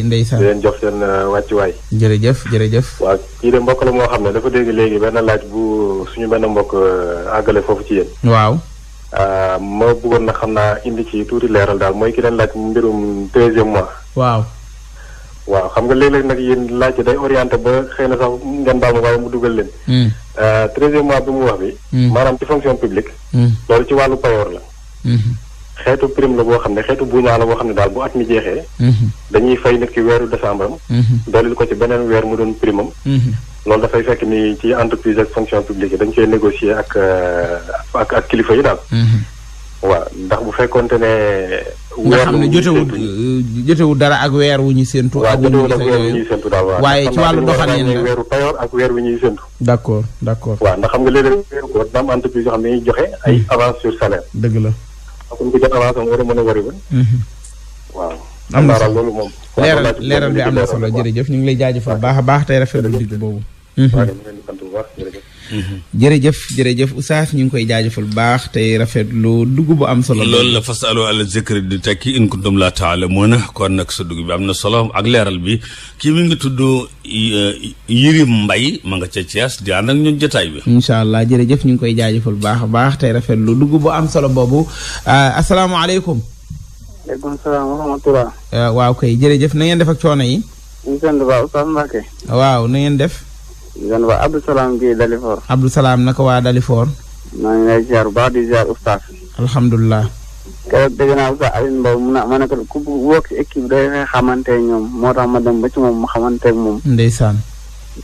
ndeysaan di leen jox seen uh, waay jërëjëf jërëjëf. waaw kii de mbokk la moo xam ne dafa dégg léegi benn laaj bu suñu benn mbokk uh, àggale foofu ci yéen. waaw. Uh, ma buggoon na xam naa indi ci tuuti leeral daal mooy ki leen laaj mbirum treizième mois. waaw. waaw xam nga léeg-léeg nag yéen laaj day orienté ba xëy na sax ngeen baal ma waaye mu dugal leen. Hmm. treizième mois bi mu wax bi. Hmm. maanaam ci fonction publique. Hmm. loolu ci wàllu payoor la. xeetu prime la boo xam ne xeetu buñaa la boo xam ne daal bu at mi jeexee mhm. dañuy fay nit weeru décembre am mhm. doolil ko ci beneen weer mu doon prime am mhm. loolu dafay fekk ni ci entreprise ak fonction publique dañ koy négocier ak euh, ak ak kilifa yi daal ndax bu fekkonte ne nga xam ne jotewul jotewul euh, dara ak weer wu ñuy séntu ak weer wu ñuy séntu daal waaye ci wàllu doxalin la weeru payoor ak weer wu ñuy séntu d'accord d'accord waaw ndax xam nga léeg-léeg weeru koor dina am entreprise yoo xam ne dañuy joxe ay avance sur salaire dëgg la kon ku jot avance am war a mën a wari ba. Mhm. waaw. am na solo loolu moom. leeral leeral bi am na solo jërëjëf ñu ngi lay jaajëfal baax a baax tey rafetlu digg boobu. Mhm. Mm-hmm. jërëjëf jërëjëf Oustaz ñu ngi koy jaajëfal bu baax tey rafetlu dugg bu am solo. loolu la fasalu ala zikri di tekki in kuntum laa taalamuuna kon nag sa dugg bi am na solo ak leeral bi kii mi ngi tudd uh, Yirim Mbay ma nga ca Thiès di ànd ñun jotaay bi. incha jërëjëf ñu ngi koy jaajëfal bu baax a baax tey rafetlu dugg bu am solo boobu uh, asalaamaaleykum. waaleykum uh, jërëjëf na ngeen def ak coono yi. waaw na ngeen def. zan waa Abdou Salam Guèye Dalifor. Abdou Salam naka waa Dalifor. maa ngi lay ziar bu baax di ziar oustaz. alhamdulilah. keroog dégg naa oustaz Alioune Mbow mu na ma ne ko ku bokk ci équipe day xamante ñoom moo tax ma dem ba ci moom mu xamante ak moom. ndeysaan.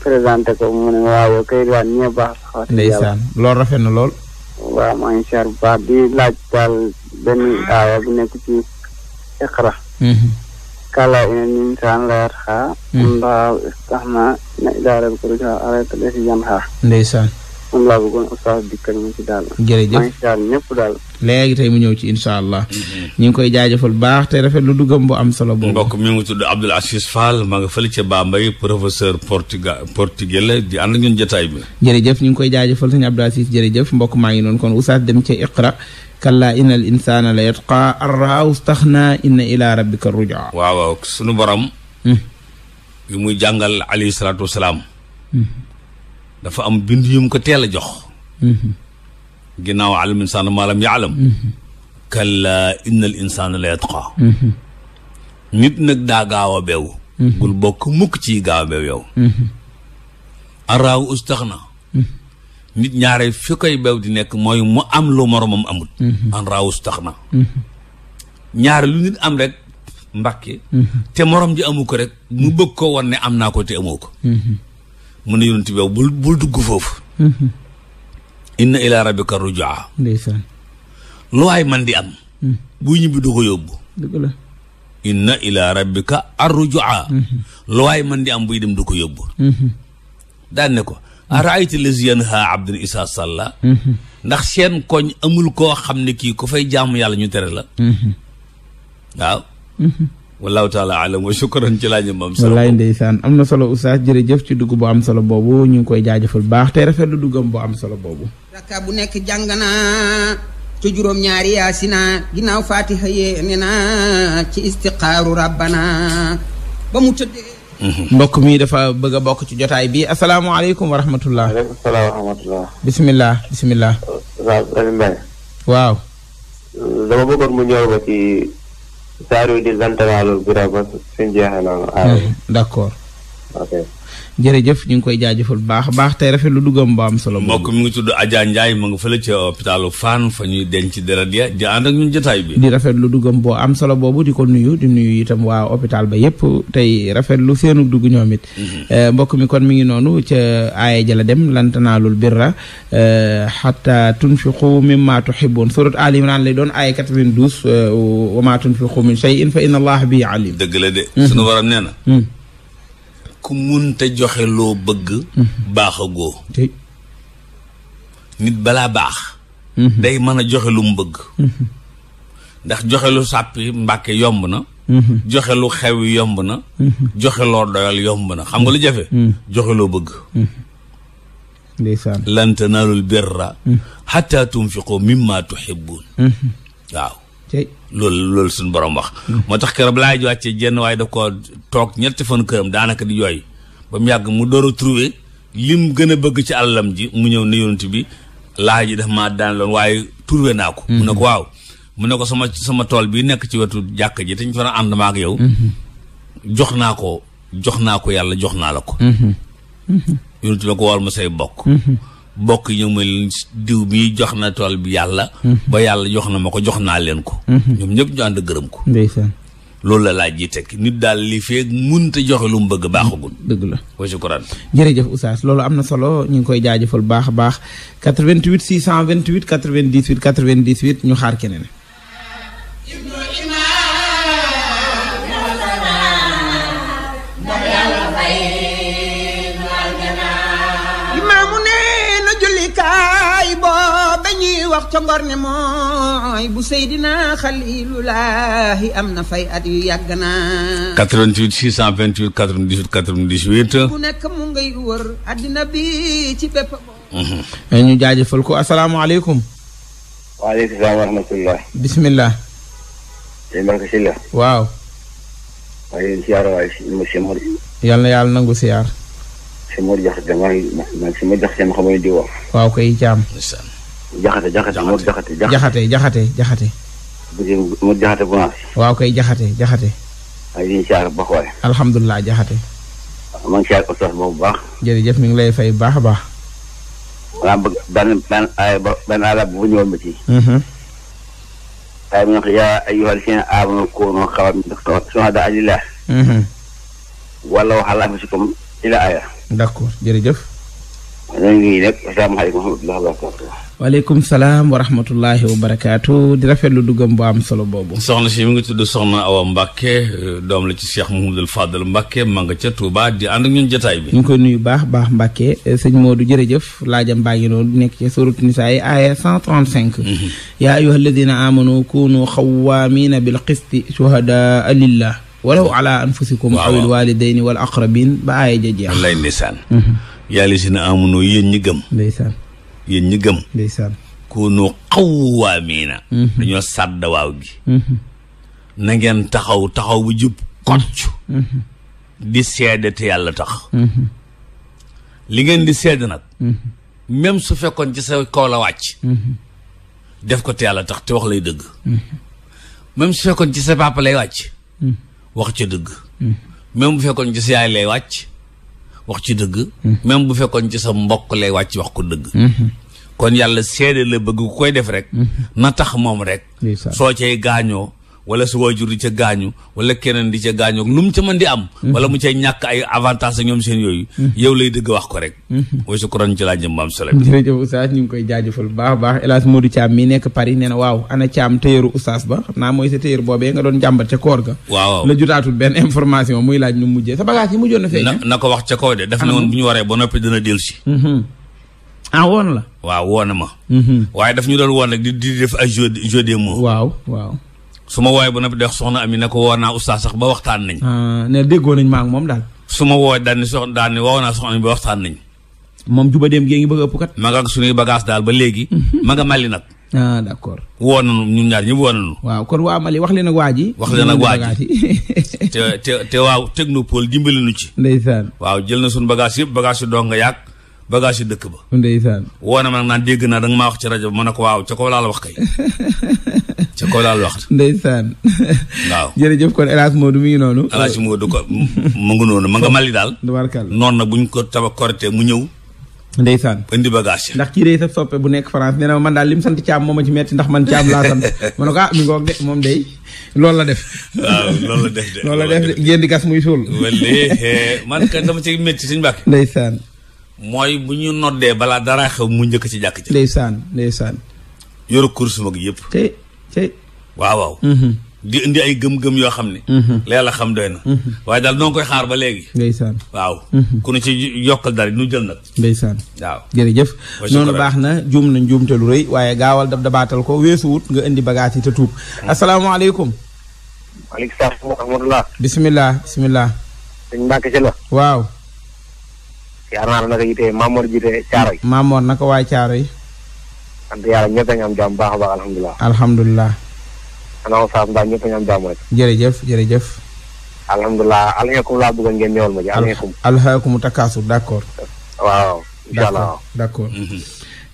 présenté ko mu ne waaw kay waa ñee baax. ndeysaan loolu rafet na lool. waaw maa ngi ziar bu baax di laaj daal benn aaya bu nekk ci Iqra. Mhm. kala enen nimtan layat ha hmm. mbaw istahna neɗɗarel ko ruja arata ɗesi jan ha ndeysan ɗum laago gon oustas dikkani mum ci daal jërëjëf manchallah ñëpp daal léegi tey mu ñëw ci inchallah hmm, hmm. ñu ngi koy jaajëfal baax te rafet lu duggam bu am solo boobu mbokk mi ngi tudd Abdoul Aziz faal ma nga fële ca Bambey professeur portuga portugais la di ànd ñun jotaay bi jërëjëf ñu ngi koy jaajëfal sëñ Abdoul Aziz jërëjëf mbokk maa ngi noonu kon oustaz dem ca Iqra kallaa inna al insaana la yatqaa arraaw staxnaa inna ilaa rabbika rujaa waaw waaw sunu borom hmm. bi muy jàngal alayhi salaatu wasalaam hmm. dafa am bind yum ko teel a jox hmm. ginnaaw alam insaana maa lam yaalam kallaa inna al insaana la yatqaa nit nag daa gaaw a beew bul bokk mukk ci gaaw a beew yow arraaw staxnaa nit ñaare fi koy bew di nekk mooy mu am lu moromam amul. Mhm. an tax na. Mhm. ñaare lu nit am rek mbàkke mhm. te morom ji amu ko rek mu bëgg ko woon ne am naa ko te amoo ko. mu ne yonent bew bul bul dugg foofu. inna ilaa rabbika rujaa. ndeysaan. lu waay man di am. di am buy dem du ko yóbbu. daan ko. araayta les yanha abdul isa salla ndax seen koñ amul koo xam ne kii ko fay jaamu yàlla ñu tere la waaw wallahu taala alam wa shukran ci laaj moom solo wallaay ndeysaan am na solo oustaz jërëjëf ci dugg bu am solo boobu ñu koy jaajëfal baax te rafet lu duggam bu am solo boobu rakka bu nekk jàng naa ci juróom ñaari yaasina ginnaaw faatiha yee ne na ci istiqaaru rabbana ba mu tëddee Mm-hmm. mbokk mi dafa bëgg bokk ci jotaay bii asalaamaaleykum wa rahmatullah. waaleykum salaam bisimilah bisimilah. waaw dama bëggoon mu ñëw ba ci saa di lantalaalul bi rek ba noonu. Mm-hmm. d' accord. jërëjëf ñu ngi koy jaajëfal bu baax a baax tey rafet lu duggam bu am solo. mbokk mi ngi tudd Adja Ndiaye ma nga fële ca hôpitalu Fann fa ñuy denc deret ya di ànd ak jotaay bi. di rafet lu duggam boo am solo boobu di ko nuyu di nuyu itam waa hôpital ba yëpp tey rafet lu seenu dugg ñoom it. Mhm. Eh, mbokk mi kon mi ngi noonu ca aaya jala dem lan tanaalul birra eh, hatta tunfiqu mimma tuhibbun surat Ali Imran lay doon aaya 92 eh, wa ma tunfiqu min shay'in fa inna Allah bi alim. dëgg la de. Mhm. sunu waram nee na. Mm. ku munta joxe loo bëgg mhm. baax nit balaa baax mhm. day mën a joxe lu mu bëgg mhm. ndax joxe lu sàppi mbàkke yomb na joxe lu xew yomb na joxe loo doyal yomb na xam nga lu jafe joxe loo bëgg ndeysaan lan tanaalul birra xataa tunfiqu mimma tuhibbun waaw loolu loolu suñu boroom wax hmm. moo tax këram laay wàcce jenn waaye daf ko toog ñetti fan këram daanaka di jooy ba mu yàgg mu door a trouvé lim gën a bëgg ci àllam ji mu ñëw ne yonent bi laaj ji daf ma daan loon waaye trouvé naa ko mu ne ko hmm. waaw mu ne ko sama sama tool bi nekk ci wetu jàkk ji te ñu a doon ànd ma ak yow hmm. jox naa ko jox naa ko yàlla jox naa la ko yonent bi ne ko wal ma say bokk bokk ñu ma leen diw bi jox na tool bi yàlla mhm. ba yàlla jox na ma ko jox naa leen ko mhm. ñoom ñëpp ñu ànd gërëm ko ndeysaan loolu la laaj ji tekki nit daal li feeg munta joxe lu mu bëgg baaxagul mm, dëgg la wa shukran jërëjëf Oustaz loolu am na solo ñu ngi koy jaajëfal baax a baax 88 628 98 98 ñu xaar keneen wax ca ngor ne mooy bu Seydina Xaliilulaahi am na fay at yu yàgg naa. 88 628 98 98. ku nekk mu ngay wër addina bi ci bépp. Mhm. Eh, ñu jaajëfal ko asalaamaaleykum. waaleykum salaam wa rahmatulah. bisimilah. sëñ Barka Sylla. waaw. maa ngi leen siyaar waaye monsieur Mor. yal na yàlla nangu siyaar. monsieur Mor jox damaa maa ngi si ma jox seen xamal di wax. waaw kay jaam. jaxate jaxate moo jaxate jaxate jaxate jaxate moo jaxate bonaas waaw kay jaxate jaxate alhamdulilah jaxate maa ngi baax lay fay baax a baax maa bëgg benn benn aaya benn arab bu ñëwoon ba ci mhm. mhm. aaya waaleykum salaam wa rahmatullahi wa barakaatu di rafetlu duggam bu am solo boobu. soxna si mi ngi tudd Soxna Awa Mbacke doom la ci Cheikh Mouhamadoul Fadal Mbacke ma nga ca Touba di ànd ak ñun jotaay bi. ñu ngi koy nuyu baax baax Mbacke eh, sëñ Modou jërëjëf laajam baa ngi noonu nekk ci suratu Nisaa yi aaya 135. Mhm. yaa ayyuha alladina amanu kunu xawaamina bil qisti shuhadaa lillah walaw ala anfusikum awil walidayni wal aqrabin ba aaya ja jeex. wallaay ndeysaan. Mhm. yaa lisina amanu yéen ñi gëm. ndeysaan. yéen ñi gëm ndeysaan kunu xawwaamiina mhm. dañoo sàdda waaw gi mhm. na ngeen taxaw taxaw bu jub kocc mhm. di seede te yàlla tax li ngeen di sedd nag même su fekkoon ci sa kaw la wàcc def ko te yàlla tax te wax lay dëgg même su fekkoon ci sa papa wàcc wax ca dëgg même bu fekkoon ci sa yaay lay wàcc wax ci dëgg mm-hmm. même bu fekkoon ci sa mbokk lay wàcc wax ko dëgg mm-hmm. kon yàlla seede la bëgg ku koy def rek mm-hmm. na tax moom rek soo cay gaañoo wala su waajur di ca gaañu wala keneen di ca gaañu lu mu ca mën di am mhm. wala mu cay ñàkk ay avantage ak ñoom seen yooyu mhm. yow lay dëgg wax ko rek way su koron a baax ba xam naa mooy sa téyeer boobee nga doon jàmbat ca koor ga waaw la jotaatul benn information muy laaj nu mujjee sa bagage yi mujjoon na feeñ na ko wax ca kaw de daf ne woon bu ñu waree ba noppi dina dellu mhm. ah, woon la waaw woon na ma waaye daf ñu doon woon rek di def ay jeu jeu de mots waaw su ma wooyee ba noppi dex soxna Ami ne ko woo naa oustaz sax ba waxtaan nañ. Ah, ne déggoo nañ ma moom daal. su ma wooyee daan ni sox daan ni woo naa soxna Ami ba waxtaan nañ. moom juba dem gee ngi bëgg a ëpp kat. ma nga ak suñuy bagage daal ba léegi. Mhm. ma nga nag. Ah, accord. woo nañu ñun ñaar waaw kon waa wax leen ak waa ji. wax leen ak waa ji te te te waaw technopole dimbali nu ci. ndeysaan. waaw jël na suñu bagage yëpp bagage yu doo nga yàgg bagage yu dëkk ba. ndeysaan. woo na ma nag naan dégg naa da maa wax ci rajo ma ne ko waaw ca ko laa wax kay ca kaw daal waxtu. ndeysaan. waaw jërëjëf kon El Hadj Modou mi noonu. El Hadj Modou ko mu ngi noonu ma nga mali daal. tubaarkàlla noonu nag bu ñu ko taba korité mu ñëw. ndeysaan indi bagage ndax kii sa soppe bu nekk France nee na man daal li mu sant man Thiam laa sant ma ne ko ah mi ngoog de moom day loolu la def. loolu la de loolu di gas muy man kat dama ci metti suñu bàkk. ndeysaan. mooy bu ñu noddee balaa dara xew mu njëkk ci jàkk ci. ndeysaan ndeysaan. yoru kursu mag yëpp. waaw waaw. Mm-hmm. di indi ay gëm-gëm yoo xam ne. Mm-hmm. leela xam doy na. Mm-hmm. waaye daal noo koy xaar ba léegi. ndeysaan waaw. ku nu ci yokkal dara nu jël nag. ndeysaan waaw jërëjëf. noonu baax na juum na njuumte lu rëy waaye gaawal dab dabaatal ko weesuwut nga indi bagaas yi te tuub. asalaamaaleykum. maaleykum salaam wa rahmatulah. bisimilah bisimilah. la. waaw. yaakaar naa ne naka yitee Mamor jitee sant yàlla ñëpp dañu am jàmm baax a baax alhamdulilah. alhamdulilah. maanaam Fatou Mbaye ñëpp dañu am jàmm rek. jërëjëf jërëjëf. alhamdulilah alhamdulilah laa bëggoon ngeen ñëwal ma ji alhamdulilah. alhamdulilah takaasu d' accord. waaw incha allah d' accord. Mhm.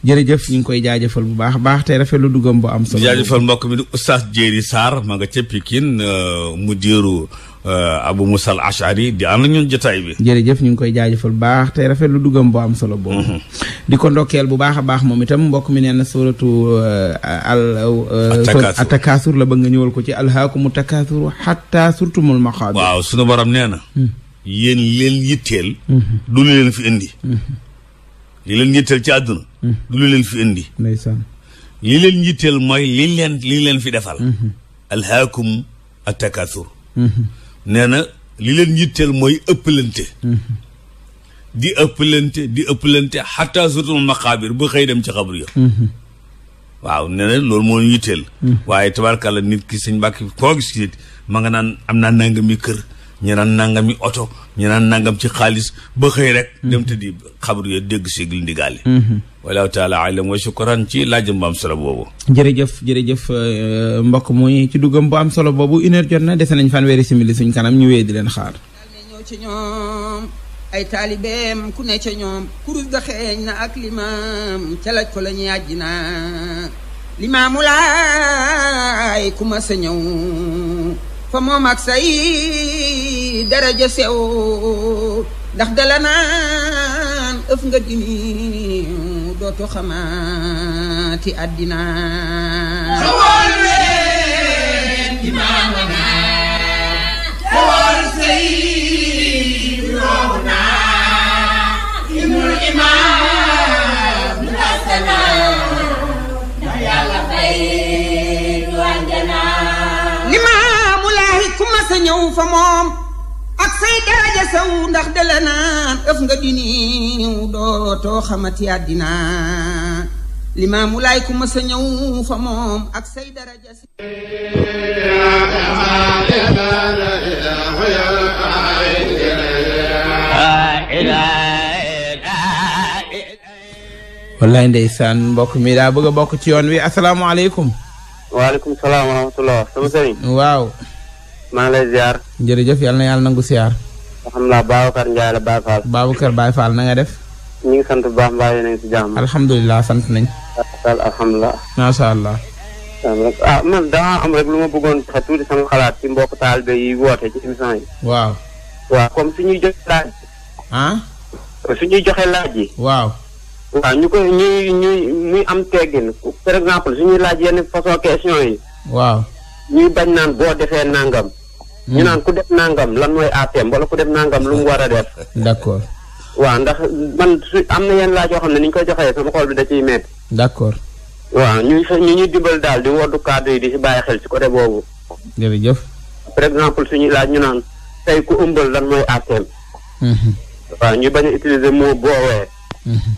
jërëjëf ñu ngi koy jaajëfal bu baax baax tey rafet lu duggam bu am solo. jaajëfal mbokk mi di Oustaz Jéeri Sarr ma nga ca Pikine euh, mu diiru Euh, Abu Musa al Ashari di ànd ñun jotaay bi. jërëjëf ñu ngi koy jaajëfal bu baax tey rafet lu duggam bu am solo boobu. Mm-hmm. di ko ndokkeel bu baax a baax moom itam mbokk mi nee na suratu euh, al. Euh, atakaasur la ba nga ñëwal ko ci alhaakumu takaasur xatta surtumul maqaabir. waaw sunu borom nee na. Mm. yéen leen yitteel. Mm-hmm. du leen fi indi. Mm-hmm. li leen yitteel ci àdduna. Mm. du lu leen fi indi. ndeysaan li leen yitteel mooy li leen li leen fi defal. alhaakum atakaasur. nee na li leen yitteel mooy ëppalante di ëppalante di ëppalante xataa surtout maqaabir bu xëy dem ci xabru ya waaw nee na loolu moo ñu yitteel mm. waaye tabarkàlla nit ki sëñ Mbàkke koo gis nit ma nga naan am naa nangami kër ñu naan nangami oto ñu naan nangam ci xaalis ba xëy rek mhm. dem te di xabru yo dégg sigli ndigaale mhm. wallahu taala alam wa shukran ci laaj mbam solo boobu jërëjëf jërëjëf euh, mbokk muy ci duggam bu am solo boobu une jot na dese nañ fan fanweeri simili suñ kanam ñu wéy di leen xaar ci ñoom ay taalibeem ku ne ca ñoom kurus ga xeeñ na ak limaam ca laaj ko la ñuy àjji naa limaamu laay ku ma sa ñëw fa moom ak say daraja sew ndax dala naan ëf nga dini dootu xamaati àddina saw ndax dele naan ëf àddina limaamu laay ku ma sa ñëw fa moom mbokk mi daa bëgg a bokk ci yoon wi asalaamaaleykum waaleykum salaam wa rahmatulah sama sëriñ waaw maa lay ziar jërëjëf yàlla na nangu siyaar alhamdulilah Babacar Ndiaye la Baye Fall. Babacar Baye Fall na nga def. ñu sant bu baax mbaa yéen a ngi sant nañ. alhamdulilah. macha allah. ah man daa am rek lu ma bëggoon a tuuti sama xalaat ci mbokk taalibe yi woote ci émission yi. waaw. waaw comme su ñuy joxe laaj. ah. su ñuy joxe laaj yi. waaw. ñu ko ñuy am teggin par exemple laaj yenn façon question yi. waaw. ñuy bañ naan boo defee nangam. ñu naan ku def nangam lan mooy APM wala ku def nangam lu mu war a def. d'accord. waaw ndax man su am na yenn laaj yoo xam ne ni ñu koy joxee sama xool bi da ciy métti. d'accord. waaw ñu ñu ñuy dibal daal di woddu cadre yi di si bàyyi xel ci côté boobu. jëf par exemple suñuy laaj ñu naan tey ku ëmbal lan mooy APM. Mhm. waaw ñu bañ a utiliser mot boowee. Mhm.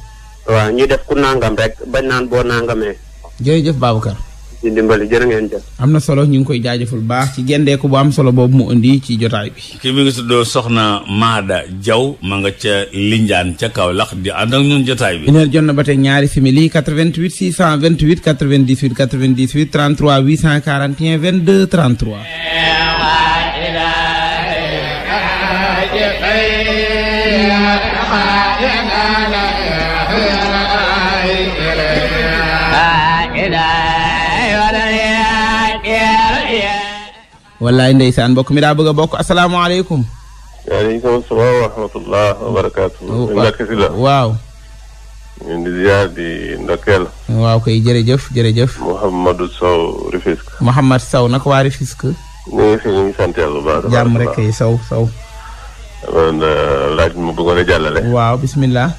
waaw ñu def ku nangam rek bañ naan boo nangamee. jërëjëf Babacar. ci dimbali jërë ngeen jëf. am na solo ñu ngi koy jaajëfal bu baax ci gendeeku bu am solo boobu mu indi ci jotaay bi. kii mi ngi tuddoo soxna Maada jaw ma nga ca Linjaan ca kaw Kaolack di ànd ak ñun jotaay bi. ñu jot na ba te ñaari simili 88 628 98 98 33 841 22 33. wallaay ndeysaan mbokk mi daa bëgg bokk asalaamaaleykum. waaleykum salaam wa rahmatullah wa barakaatu. Oh, waaw. ñu ngi ziar di waaw koy jërëjëf jërëjëf. Mouhamadou Sow Rufisque. Mouhamad Sow nag waa Rufisque. ñu ngi Sow Sow. man laaj bi ma bëggoon jàllale. waaw bisimilah.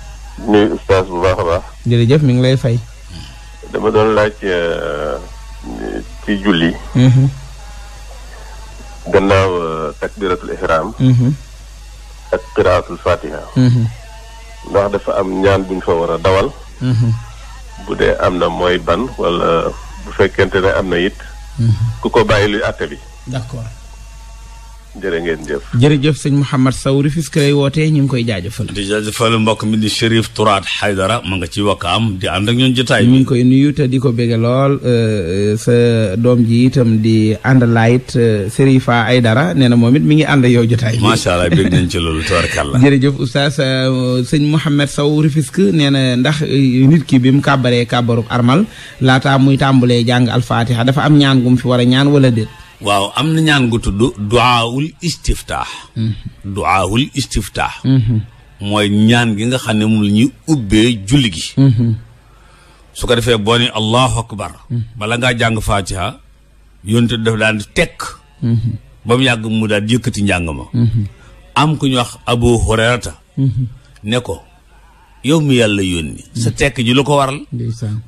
nuyu ustaas bu baax a baax. jërëjëf mi ngi lay fay. dama doon laaj eh, ci julli. Mm-hmm. gannaaw euh, takbiratul ihram mhm. ak qiraatul fatiha mhm. ndax dafa am ñaan bu ñu fa war a dawal mhm. bu dee am na mooy ban wala bu fekkente ne am na it ku ko bàyyi luy àtte bi d'accord jërë jërëjëf sëñ Mouhamed Sow Rufisque lay wootee ñu ngi koy jaajëfal. mbokk mi di Chérif Tourate Haydara ma nga ci wakkaam di ànd ak ñun jotaay bi. ngi koy nuyu te di ko bége lool euh, euh, sa doom ji itam di ànd laayit Serifa euh, Haydara nee na moom it mi ngi ànd yow jotaay bi. macha allah bég nañ ci loolu tabarkàlla. jërëjëf oustaz sëñ Mouhamed Sow Rufisque nee na ndax nit ki bi mu kàbbaree kàbbaru armal laataa muy tàmbalee jàng alfaatiha dafa am ñaan gum fi war ñaan wala déet. waaw am na ñaan gu tudd duwaawul istiftaax mhm. duwaawul istiftaax mhm. mooy ñaan gi nga xam ne moom la ñuy ubbee julli gi mhm. su ko defee boo ne allahu akbar bala ngaa jàng faatiha yonte daf daan tek ba mu yàgg mu daal yëkkati njàng ma am ku ñu wax abu hurayrata ne ko yow mi yàlla yónni sa tekk ji lu ko waral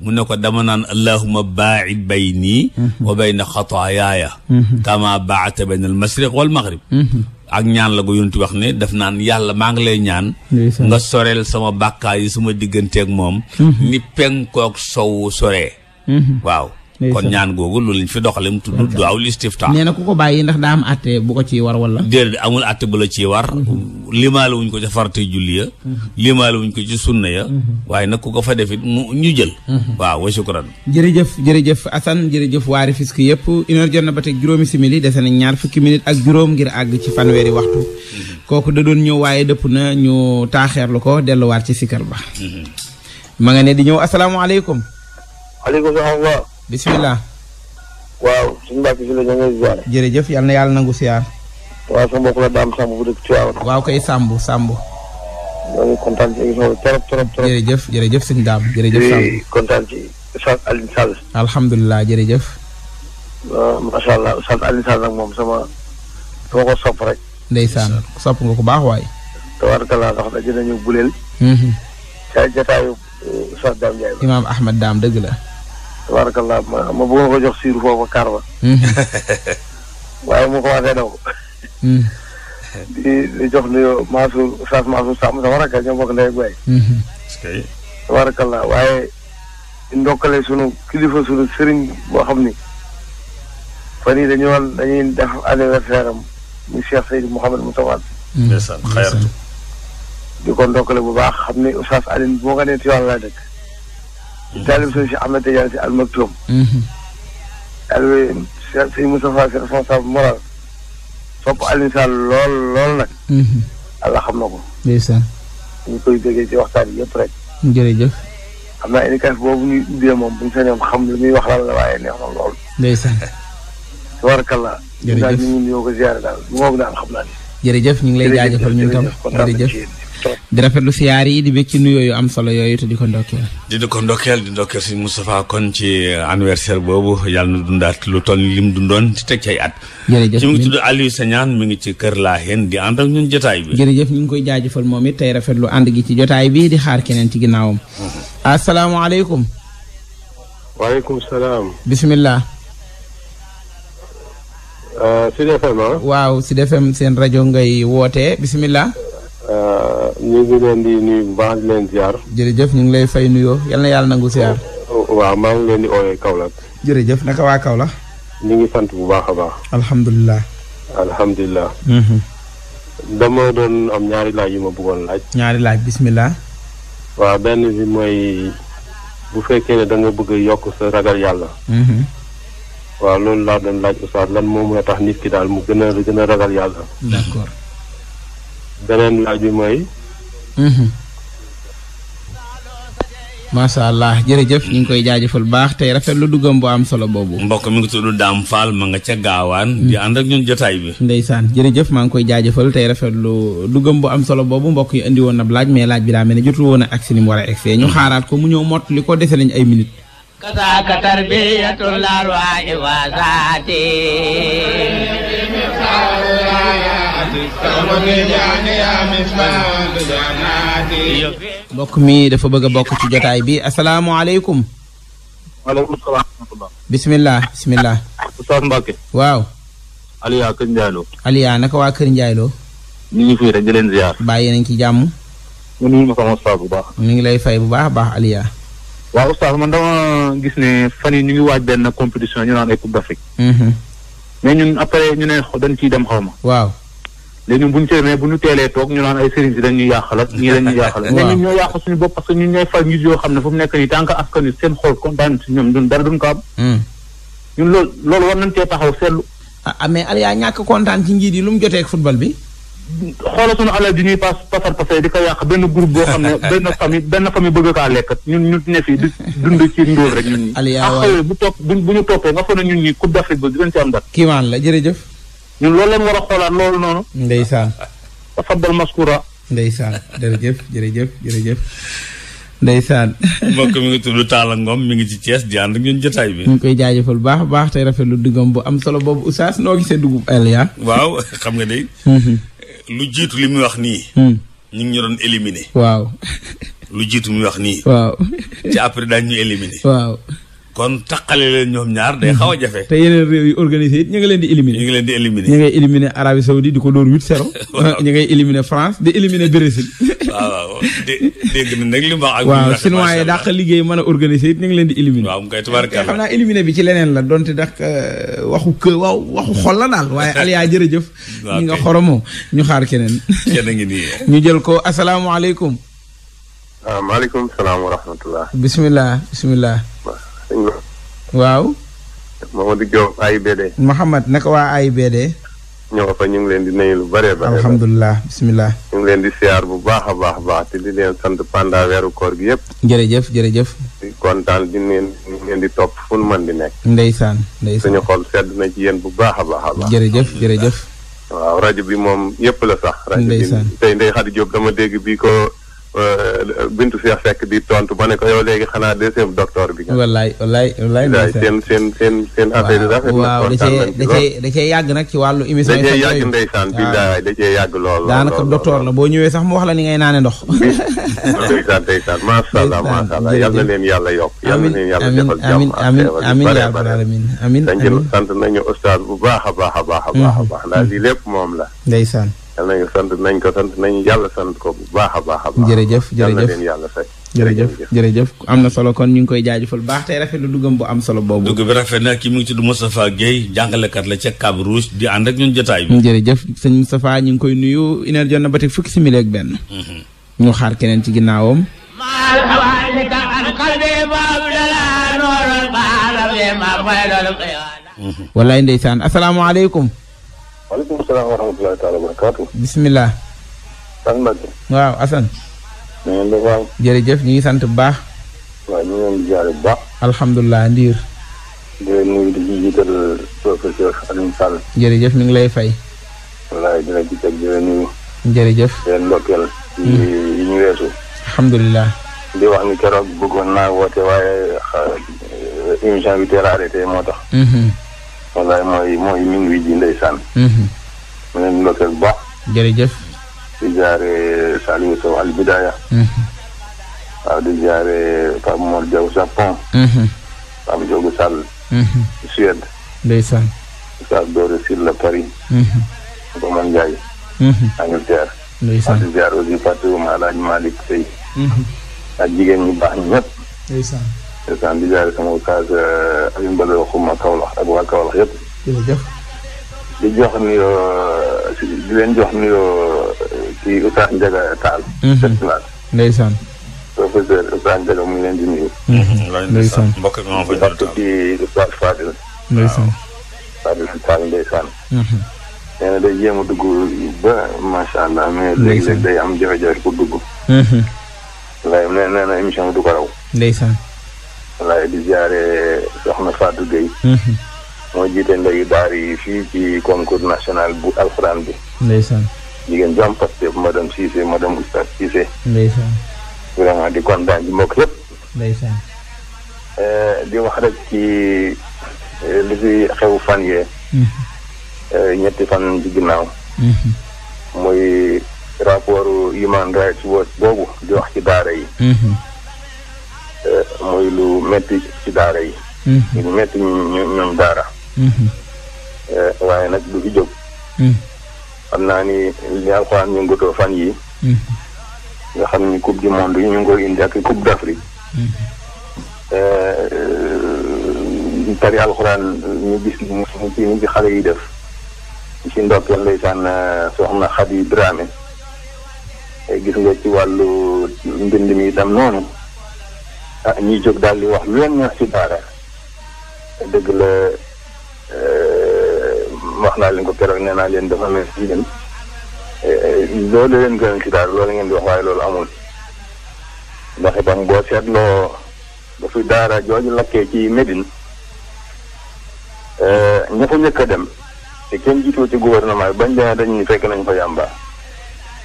mu ne ko dama naan allahuma baa'id bayni mhm. wa bayna xataayaaya mhm. kama baata bayna al mashriq wal maghrib mhm. ak ñaan la ko yonent wax ne daf naan yàlla maa ngi lay ñaan nga soreel sama bàkkaar yi sama digganteeg moom ni penkook sowu soree waaw kon ñaan googu loolu lañ fi doxale mu tudd du aw listifta nee na ku ko bàyyi ndax daa am àtte bu ko ciy war wala déedéet amul àtte bu la ciy war mhm. limaale wuñ ko ca farate mhm. ci sunna ya mhm. waaye nag ku ko fa defit mu ñu jël waaw wa shukran jërëjëf jërëjëf Assane jërëjëf waari fisk yëpp une jot na ba teg juróomi simili dese na ñaar fukki minutes ak juróom ngir àgg ci fanweeri waxtu kooku da doon ñëw waaye dëpp na ñu taaxeerlu ko delluwaat ci sikkar ba ma nga ne di ñëw asalaamaaleykum bisimilah. waaw suñu jërëjëf yal na yàlla nangu siyaar. waaw sama mbokk la daam Samb bu dëkk Tivaouane. waaw kay Samb Samb. trop trop trop. jërëjëf jërëjëf suñu daam jërëjëf Samb di alhamdulilah jërëjëf. macha allah Oustaz Alioune nag moom sama dama ko sopp rek. ndeysaan sopp nga ko baax waaye. tabaarkalla ndax daje nañu buleel. Mhm. ca jataayu Oustaz Dame Ndiaye. imaam Ahmad Dame dëgg la. tabarakallah ma ma bëggoon ko jox siiru foofu kar ba hmm. waaye mu ko waxee daw hmm. di di jox nuyoo Mansour Oustaz Mansour Samb sama rakk ñoo bokk ndey ak hmm. tabarakallah waaye ndokkale sunu kilifa sunu sëriñ boo xam ni fan dañu woon dañuy def anniversaire am mu Cheikh Seydou Mouhamed Moustapha ndeysaan xayartu di ko ndokkale bu baax xam ni Oustaz Alioune boo nga nee Tivaouane dëkk taalib sëñ si Ahmed Tidiane si Al Maktoum. Mhm. taalib sëñ Moustapha si responsable moral. sopp Alioune lool lool nag. Allah mhm. xam na ko. ndeysaan. ñu koy déggee ci waxtaan bi yëpp rek. jërëjëf. xam naa éducation boobu ñuy ubbee moom bu ñu sañoon xam lu muy wax lan la waaye neex na lool. ndeysaan. tabarakallah. jërëjëf ñu daal ñu ngi ko ziare daal moom daal xam naa ne. jërëjëf ñu ngi lay ñu tam di rafetlu siyaar yi di bëgg ci nuyoo yu am solo yooyu te di ko ndokkeel. di ko ndokkeel di ndokkeel si Moustapha kon ci anniversaire boobu yàlla dundaat lu toll li mu dundoon ci teg cay at. jërëjëf ci mu ngi tudd Aliou Sagnane mi ngi ci Kër Lahine di ànd ak ñun jotaay bi. jërëjëf ñu ngi koy jaajëfal moom it tey rafetlu ànd gi ci jotaay bi di xaar keneen ci ginnaawam. Mhm. asalaamaaleykum. waaleykum salaam. bisimilah. Euh, Sud FM ah? waaw seen rajo ngay woote bisimilah. Euh, ñu ngi leen di nuyu bu baax di leen ziar. jërëjëf ñu ngi lay fay nuyoo yal na yàlla nangu ziar. waaw maa ngi leen di oowee Kaolack. jërëjëf naka waa Kaolack. ñu ngi sant bu baax a baax. alhamdulilah. alhamdulilah. Mhm. dama doon am ñaari laaj yu ma bëggoon laaj. ñaari laaj bismillah. waa benn bi mooy bu fekkee ne da bëgg yokk sa ragal yàlla. Mhm. waaw loolu laa doon laaj oustaz lan moom mooy tax nit ki daal mu gën a ragal yàlla. d'accord. beneen laaj mhm. allah jërëjëf ñu koy jaajëfal baax tey rafet lu duggam bu am solo boobu. mbokk mu ngi tudd Dame Fall ma nga ca gaawaan. di mhm. ànd ak ñun jotaay bi. ndeysaan jërëjëf maa ngi koy jaajëfal tey rafet lu duggam bu am solo boobu mbokk yi indi woon na laaj mais laaj bi daa mel ne jotul woon a agsi ni mu ñu mhm. xaaraat ko mu ñëw mot li ko dese nañ ay minit mbokk mi dafa bëgg bokk ci jotaay bi asalaamaaleykum. maaleykum salaam. bisimilah bisimilah. Oustaz Mbacke. waaw. Aliya Kër Ndiaye Lo. naka waa Kër njaaylo Lo. ñu di leen ziar. nañ ci jàmm. ñu ngi ma sama Oustaz bu baax. mi ngi lay fay bu baax a baax Aliya. waaw Oustaz man dama gis ne fan yii ñu ngi waaj benn compétition ñu naan ay Coupe d'Afrique. Mhm. mais ñun après ñu ne dañ ciy dem xaw ma. waaw. léegi ñun bu ñu ci demee bu ñu teelee toog ñu naan ay sëriñ si dañ ñu yàqal ak ñii dañ ñu yàqal mais ñun ñoo yàq suñu bopp parce que ñooy fal nit yoo dara duñ ko am hmm. ñun loolu war nañ cee taxaw seetlu ah, ah mais Aliou ñàkk kontaan ci njiit yi lu mu jotee ak bi xoolal suñu alal di ñuy pas pasar pasar di ko yàq benn groupe boo xam ne benn famille benn famille bëgg kaa lekk ñu ñu ne fii di dund ci ndóol rek ñun ñi ak ah, bu toog bu ñu toppee nga foog ne ñun ñi coupe d'Afrique ba di ñun loolu la war a xoolaat loolu noonu. ndeysaan. tafaddal maskura. ndeysaan jërëjëf jërëjëf jërëjëf. ndeysaan mbokk mi ngi lu Talla ngoom mi ngi ci cees di ànd ak ñun jotaay bi. mu ngi koy jaajëfal bu baax a baax tey rafetlu duggam bu am solo boobu Oustaz noo gisee dugub Elia. waaw xam nga de. Mhm. lu jiitu li muy wax nii. Hmm. ñu ngi ñu doon éliminer. waaw. lu jiitu muy wax nii. waaw. ci après daañu ñu éliminer. waaw. kon taqale leen ñoom ñaar day xaw a mhm. jafe. te yeneen réew yi organisé it ñu ngi leen di éliminer. ñu ngi leen di éliminer ñu ngay éliminer Arabie Saoudite di ko dóor 8-0. ñu ngay éliminer France di éliminer Brésil. waaw waaw dégg na nag li wax ak. waaw chinois yi liggéey mën a organisé it ñu ngi leen di éliminer. waaw mu koy tubarkalla xam naa éliminer bi ci leneen la donte ndax euh, waxu kë waaw waxu xol la daal waaye Aliou jërëjëf. ñu nga xoromoo ñu xaar keneen. keneen ngi nii ñu jël ko asalaamaaleykum. waaw ah, maaleykum salaam wa rahmatullah. waaw. Mamadou Diop AIBD. Mouhamed naka waa AIBD. ñoo fa ñu ngi leen di nuyu lu bëree alhamdulilah bisimilah. ñu ngi leen di siyaar bu baax a baax a baax te di leen sant pendant weeru koor gi yëpp. jërëjëf jërëjëf. di kontaan di leen di leen di topp fu nu di nekk. ndeysaan ndeysaan suñu xol sedd na ci yéen bu baax a baax a baax. jërëjëf jërëjëf. waaw rajo bi moom yëpp la sax. ndeysaan rajo bi tey Ndeye Khady Diop dama dégg bi ko. Euh, Bintu Cheikh Seck di tontu ba ne ko yow léegi xanaa deuxième docteur bi. wallaay wallaay wallaay. wallaay seen seen seen seen affaire yi rafet na. waaw da cee da cee da yàgg nag ci wàllu émission yi. da cee yàgg ndeysaan bi daay da cee yàgg lool. daanaka docteur la boo ñëwee sax mu wax la ni ngay naane ndox. ndeysaan ndeysaan macha allah macha allah na leen yàlla yokk. yal na leen yàlla defal jàmm amiin amiin amiin yaa rabbal aalamiin amiin amiin sant nañu oustaz bu baax a baax a baax a baax a mm-hmm. baax. lépp moom la. ndeysaan nañu sant nañ ko sant nañu yàlla sant ko bu baax a baax a baax. jërëjëf yàlla jërëjëf jërëjëf am na solo kon ñu ngi koy jaajëfal baax tey rafet lu duggam bu am solo boobu. dugg bi rafet na ki mu ngi tudd Moustapha Guèye kat la ca Cap Rouge di ànd ak ñun jotaay bi. jërëjëf sëñ Moustapha ñu ngi koy nuyu une heure jot na ba tey fukki simili ak benn. Mhm. ñu xaar keneen ci ginnaawam. wallaay ndeysaan asalaamaaleykum. waaleykum salaam wa rahmatullahi barakaatu. bisimilah. Assane waaw Assane. na ñu ngi sant bu baax. waaw alhamdulilah Ndiir. di leen nuyu di jiital professeur Alioune Sall. jërëjëf mi ngi lay fay. wallaay dina jiital di leen nuyu. jërëjëf di leen hmm. weesu. alhamdulilah. di wax ni keroog bëggoon naa woote waaye émission bi teel a moo tax. Hmm, hmm. wallaay mooy mooy mi ngi ji ndeysaan. Mhm. mu leen ndokkeel bu baax. jërëjëf. di jaaree Saliou Sow al Bidaaya. Mhm. waaw di jaaree Pape Mor Diaw Japon. Mhm. Pape Diogo Sall. Suède. ndeysaan. Pape Dore Sylla Paris. Ngomane Ndiaye. Angleterre. ndeysaan di jaar aussi Fatou Alaaji Malick Sey. ak jigéen ñi baax ñëpp. ndeysaan. di jaare sama oustaz eh, Alioune Badara Xuma Kaolack ak waa Kaolack di jox nuyoo di leen jox nuyoo ci eh, oustaz Ndiaga Tall. Mhm. ndeysaan. professeur oustaz Ndiaga mu ngi leen di nuyu. Mhm. ndeysaan mbokk mi maa fa jot a taal ci oustaz Fadil. ndeysaan Fadil Tall ndeysaan. Mhm. nee na day jéem a dugg ba macha allah mais léegi-léeg day am jafe-jafe pour dugg. waaye nee na émission bi du ko raw. ndeysaan. waaye di ziare soxna Fatou Gueye. Mhm. moo jiite ndeyu daar yi fii ci concours national bu alxuraan bi. ndeysaan. jigéen ju am Pastef madame Cissé madame Oustaz Cissé. ndeysaan. vraiment di kontaan ci mbokk yëpp. ndeysaan. Eh, di wax rek eh, li fi xew fan yee. Mhm. Eh, ñetti fan ci ginnaaw. Mhm. muy rapport Human Rights Watch boobu di wax ci daara Euh, muy lu metti ci daara yi. Mhm. lu metti ñu ñoom daara. Mhm. Euh, waaye nag du fi jóg. Mhm. xam naa ni li alxuraan ñu ngutoo fan yi nga xam ni coupe du monde yi ñu ngi koy indi ak d'Afrique. Euh, tari alxuraan ñu gis ñu ci ñu xale yi def ci ndokkeel ndeysaan soxna Xadi Dramé gis nga ci wàllu mbind mi itam noonu. ah ñuy jóg daal di wax lu leen neex ci daara dëgg la euh, wax naa leen ko keroog nee naa leen dafa mel si yéen euh, loolu leen gën ci daara loolu ngeen di waaye loolu amul ndax itam boo seetloo ba fi daara jooju lakkee ci Médine euh, ña fa njëkk dem te kenn jiitoo ci gouvernement bi bañ demee dañ ni fekk nañ fa yàmba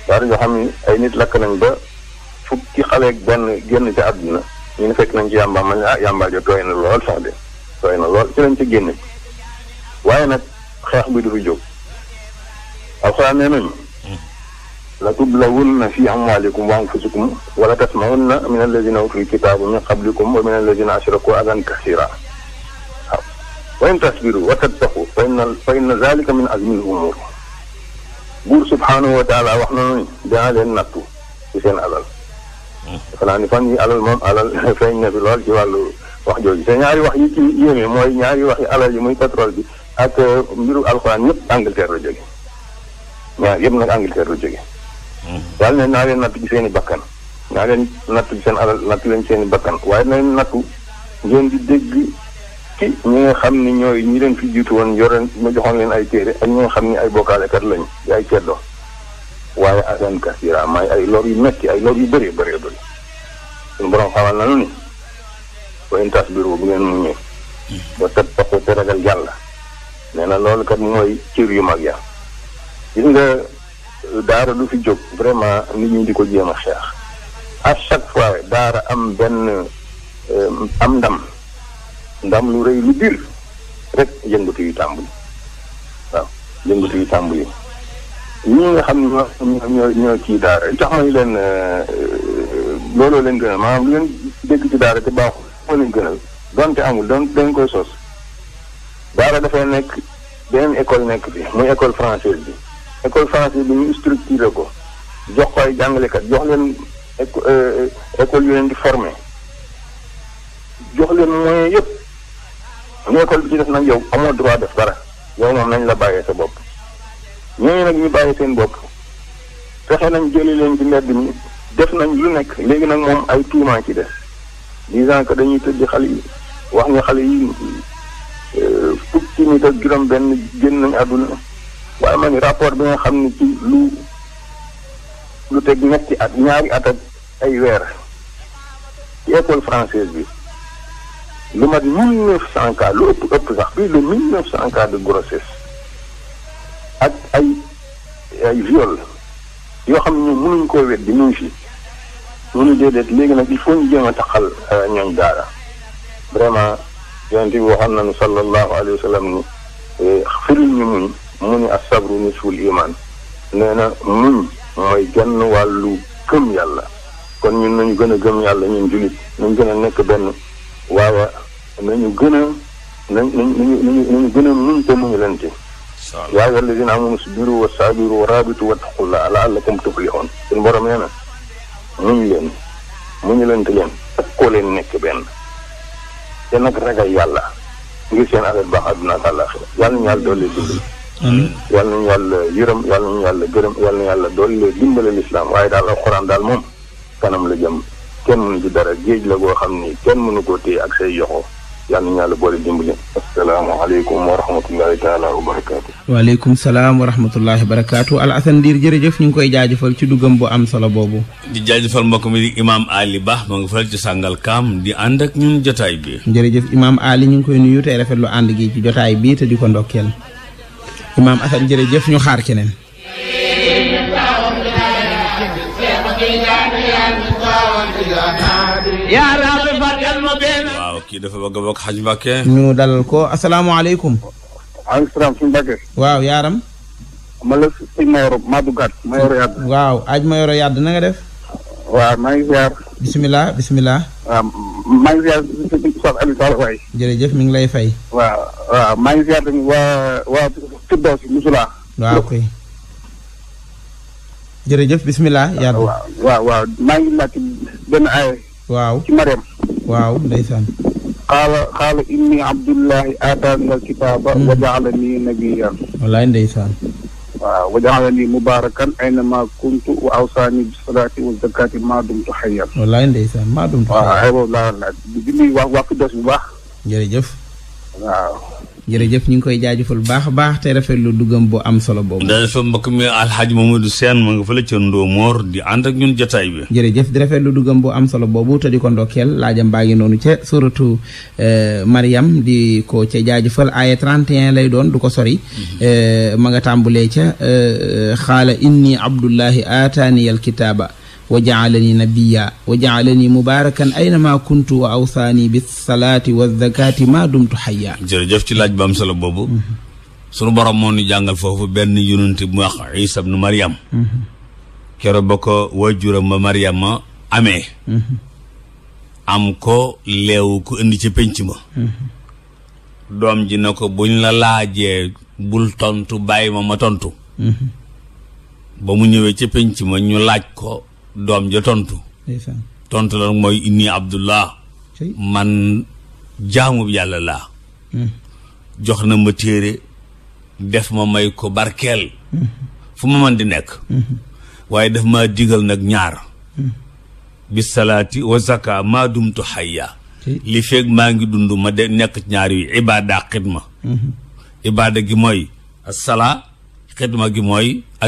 daara yoo xam ni ay nit lakk nañ ba fukki xale ak génn ci àdduna ñun fekk nañ ci yàmba man ah yàmba jo tooy na lool sax de tooy na lool ci lañ ci génne waaye nag xeex bi du fi jóg alxuraan nee nañu la tublawunna fi amwaalikum wa anfusikum wala tasma'unna min alladina utul kitaabu min qablikum wa min alladina ashraku adan kasira waaw wa in tasbiru wa tattaqu fa inna fa inna zalika min azmil umur buur subhanahu wa taala wax na noonu dinaa leen nattu ci seen alal defe naa ni fan yi alal moom alal feeñ na fi lool ci wàllu wax jooju te ñaari wax yi ci yéeme mooy ñaari wax yi alal yi muy pétrole bi ak euh, mbiru alxuraan yëpp Angleterre la jóge ñaar yëpp nag Angleterre la jóge hmm. yàlla ne naa leen nattu ci seen i bakkan naa leen nattu ci seen alal nattu leen seeni bakkan waaye na leen nattu ngeen di dégg ci ñi nga xam ni ñooy ñu leen fi jiitu woon yoreen ma joxoon leen ay téere ak ñi xam ni ay bokkaalekat lañ di ay ceddo waaye asan kasira may ay lor yu metti ay lor yu bëree bëree bëri suñu borom xamal na nu ni wa in tasbiru bu ngeen muñee ba tat parce que ragal yàlla nee na loolu kat mooy cër yu mag ya gis nga daara du fi jóg vraiment nit ñi di ko jéem a xeex à chaque fois daara am benn euh, am ndam ndam lu rëy lu biir rek yëngatu yu tàmbali waaw yëngatu yu tàmbali ñu nga xam ne ñoo ñoo ñoo kii daara tax nañu leen euh, euh, looloo leen gënal maanaam lu leen dégg ci daara te baaxul moo leen gënal donte amul doon dañ koy sos daara dafay nekk beneen école nekk bi muy école française bi école française bi ñu structuré ko jox ko ay jàngalekat jox leen euh, école yu leen di formé jox leen moyens yëpp ñu école bi ci def nañ yow amoo droit def dara yow moom nañ la bàyyee sa bopp ñooñu nag ñu bàyyi seen bopp fexe nañ jëli leen ci mbedd mi def nañ lu nekk léegi nag moom ay tuumaa ci def disant que dañuy tëdd xale yi wax nga xale yi euh, fukki nit ak juróom benn génn nañ àdduna waaye man rapport bi nga xam ne ci lu lu teg ñetti at ñaari at ak ay weer ci école française bi lu mat mille neuf cent cas lu ëpp ëpp sax plus de mille neuf cent cas de ak ay ay viol yoo xam ne ñun mënuñ koo weddi mu ngi fi mu ngi déedéet léegi nag il faut ñu a taxal euh, ñooñ daara vraiment yonent bi waxoon nañu sallallahu alayhi wa sallam ni firil euh, ñu muñ mu ni asabru nisful iman nee na muñ mooy genn wàllu gëm yàlla kon ñun nañu gën a gëm yàlla ñu jullit nañu gën nekk benn waawa nañu gën a nañu nañu nañu gën a muñ te muñu lante yaa ayyuha allazina amanu sabiru wa sabiru wa rabitu wattaqullaha la'allakum tuflihun suñu borom nee na muñ leen muñu leen te leen takkoo leen nekk benn te nag ragal yàlla ngir seen affaire baax àdduna ak àllaaxira yàlla ñu yàlla doole dimbali yàlla yàlla yërëm yàlla gërëm yàlla na yàlla doole dimbale lislaam waaye daal alxuraan daal moom kanam la jëm kenn mënu ci dara géej la goo xam ni kenn mënu koo téye ak say yoxoo yal nañu yàlla boole dimbali. asalaamaaleykum wa rahmatulahi taala wa barakaatu. waaleykum salaam wa rahmatulahi wa barakaatu Al Hassane jërëjëf ñu ngi koy jaajëfal ci dugam bu am solo boobu. di jaajëfal mbokk mi di imaam Ali Ba ma nga fële ci sàngal kaam di ànd ak ñun jotaay bi. jërëjëf imaam Ali ñu ngi koy nuyu tey rafetlu ànd gi ci jotaay bi te di ko ndokkeel imaam Assane jërëjëf ñu xaar keneen. kii dafa bëgg a bokk xaj Mbàkke ñu dalal ko asalaamaaleykum waaleykum salaam suñu Mbàkke waaw yaaram ma la sëñ Mayoro Madou Gat Mayoro Yàdd waaw aj Mayoro Yàdd na nga def waaw maa ngi ziar bisimilah bisimilah waaw maa ngi ziar Oustaz Aliou Sall waay jërëjëf mi ngi lay fay waaw waaw maa ngi ziar tamit waa waa tuddaw si musula waaw koy jërëjëf bisimilah yàlla waaw waaw maa ngi laajte benn aay waaw ci Mariam waaw ndeysaan qaala qaala inni abdullahi aataani alkitaaba wa hmm. jaalani nabiyan wallaay ndeysaan waaw wa jaalani mubaarakan aynama kuntu wa awsaani bi salaati wa zakaati maa dumtu xayyan wallaay ndeysaan maa dumtu xayyan waaw ay boobu laa laaj di nuyu waa waa Firdaws bu baax jërëjëf waaw jërëjëf ñu ngi koy jaajëfal bu baax a baax te rafetlu duggam bu am solo boobu. daal fa mbokk mi Alhaji Mamadou Sène ma nga fële ca Ndoomoor di ànd ak ñun jotaay bi. jërëjëf di rafetlu duggam bu am solo boobu te di ko ndokkeel laajam baa ngi noonu ca suratu eh, Mariam di ko ca jaajëfal aaya 31 lay doon du ko sori. Mhm. Eh, ma nga tàmbulee ca eh, xaala inni abdullahi aataaniyal kitaaba. wa jacalani nabiya wa jacalani mubaarakan aynama kuntu wa awsaani bi salaati wa zakaati maa dumtu ci laaj ba solo boobu sunu borom moo ni jàngal foofu benn yonent bu wax Isa bnu Maryam keroog ba ko waajuram ba Maryama amee am ko leewu ko indi ci pénc ma doom ji na ko buñ la laajee bul tontu bàyyi ma ma tontu ba mu ñëwee ca pénc ma ñu laaj ko doom ja tontu tontu la mooy inni abdullah man jaamub yàlla la hmm. jox na ma téere def ma may ko barkeel hmm. fu ma man di nekk hmm. waaye daf ma digal nag ñaar bi salaati wa maa dumtu xayya li feeg maa ngi dund ma de nekk ñaar yu ibaada xidma ibaada gi mooy asala xidma gi mooy a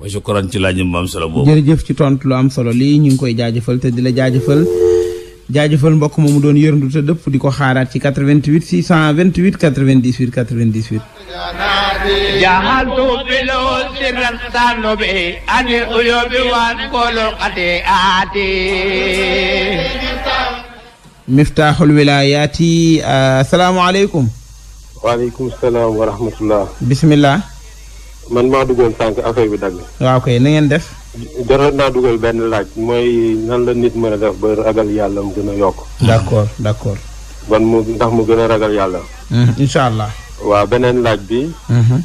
wa shukran ci laaj bu solo boobu jërëjëf tontu lu am solo lii ñu ngi koy jaajëfal te di la jaajëfal jaajëfal mbokk moomu doon yërndu te dëpp di ko xaaraat ci 88 628 98 98 jahaltu bilo sirran sanobe ani uyobi wan kolol xate aati miftaaxul wilaayaati asalaamaaleykum waaleykum salaam wa rahmatullah bismillah man maa dugal sànq affaire bi dagg. waaw kay na ngeen def. jotoon naa dugal benn laaj mooy nan la nit mën a def ba ragal yàlla mu gën a yokk. d' accord d' accord. ban mu ndax mu gën a ragal yàlla. Hmm, incha allah. waaw beneen laaj bi. Hmm.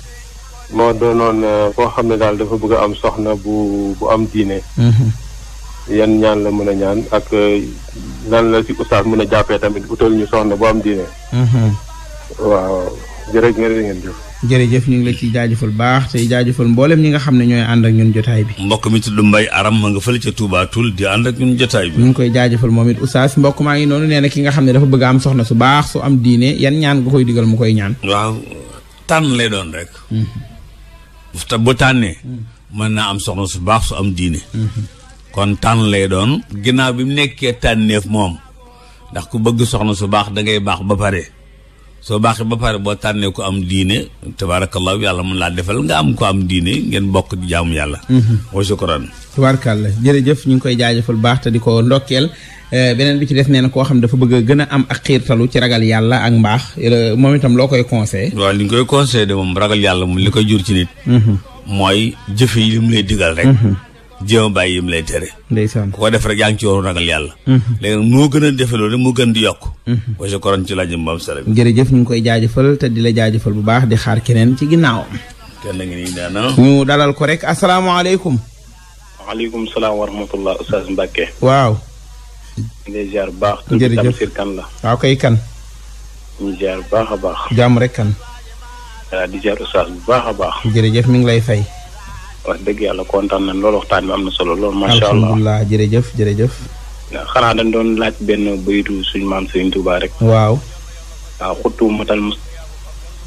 moo doonoon koo euh, xam ne daal dafa bëgg am soxna bu bu am diine. Hmm. yan ñaan la mën a ñaan ak euh, nan la ci ustaas mën a jàppee tamit utal ñu soxna bu am diine. waaw. jërëjëf jërëjëf ñu ngi la ci jaajëfal baax tey jaajëfal mboolem ñi nga xam ne ñooy ànd ak ñun jotaay bi mbokk mi tudd Mbaye Aram ma nga fële ca Touba Toul di ànd ak ñun jotaay bi ñu ngi koy jaajëfal moom it oustaz mbokk maa ngi noonu nee na ki nga xam ne a am soxna su su am diine yan ñaan nga koy digal mu koy ñaan waaw tànn lay doon rek mm-hmm. te bu tànnee mm-hmm. mën naa am soxna su baax su am diine mm-hmm. kon tànn lay doon ginnaaw bi mu nekkee tànneef moom ndax ku bëgg soxna su baax da ngay baax ba pare soo baaxee ba pare boo tànnee ko am diine tabaarakallaahu yàlla mën laa defal nga am ko am diine ngeen bokk di jaamu yàlla. Mhm. wa shukran. tabaarakalla jërëjëf ñu ngi koy jaajëfal baax te di ko ndokkeel. Eh, beneen bi ci des nee koo xam dafa bëgg a gën a am ak xiirtalu ci ragal yàlla ak mbaax eh, moom itam loo koy conseillé. waaw li ñu koy conseillé de moom ragal yàlla moom li ko jur ci nit. Mhm. mooy jëfe li mu lay digal rek. Mhm. jéem a bàyyi yim lay tere. ndeysaan ko def rek yaa ngi ci waru ragal yàlla. Mhm. léegi moo gën a defe loolu mu gën di yokk. wa mhm. shukran ci laaj Mbam Sala bi. jërëjëf ñu ngi koy jaajëfal te di la jaajëfal bu baax di xaar keneen ci ginnaawam. kenn ngi nii daana. ñu dalal ko rek asalaamaaleykum. waaleykum salaam wa rahmatullah Oustaz Mbacke. waaw. ñu ngi bu baax. jërëjëf Tamsir kan la. waaw kay kan. ñu bu baax a baax. jàmm rek kan. di ziar Oustaz bu baax a baax. jërëjëf mi ngi lay fay. wax dëgg yàlla kontaan na loolu waxtaan bi am na solo lool. macha allah alhamdulilah jërëjëf jërëjëf. xanaa dañ doon laaj benn bayitu suñu maam Sëriñ Tuubaa rek. waaw. waaw xuttu matal mus.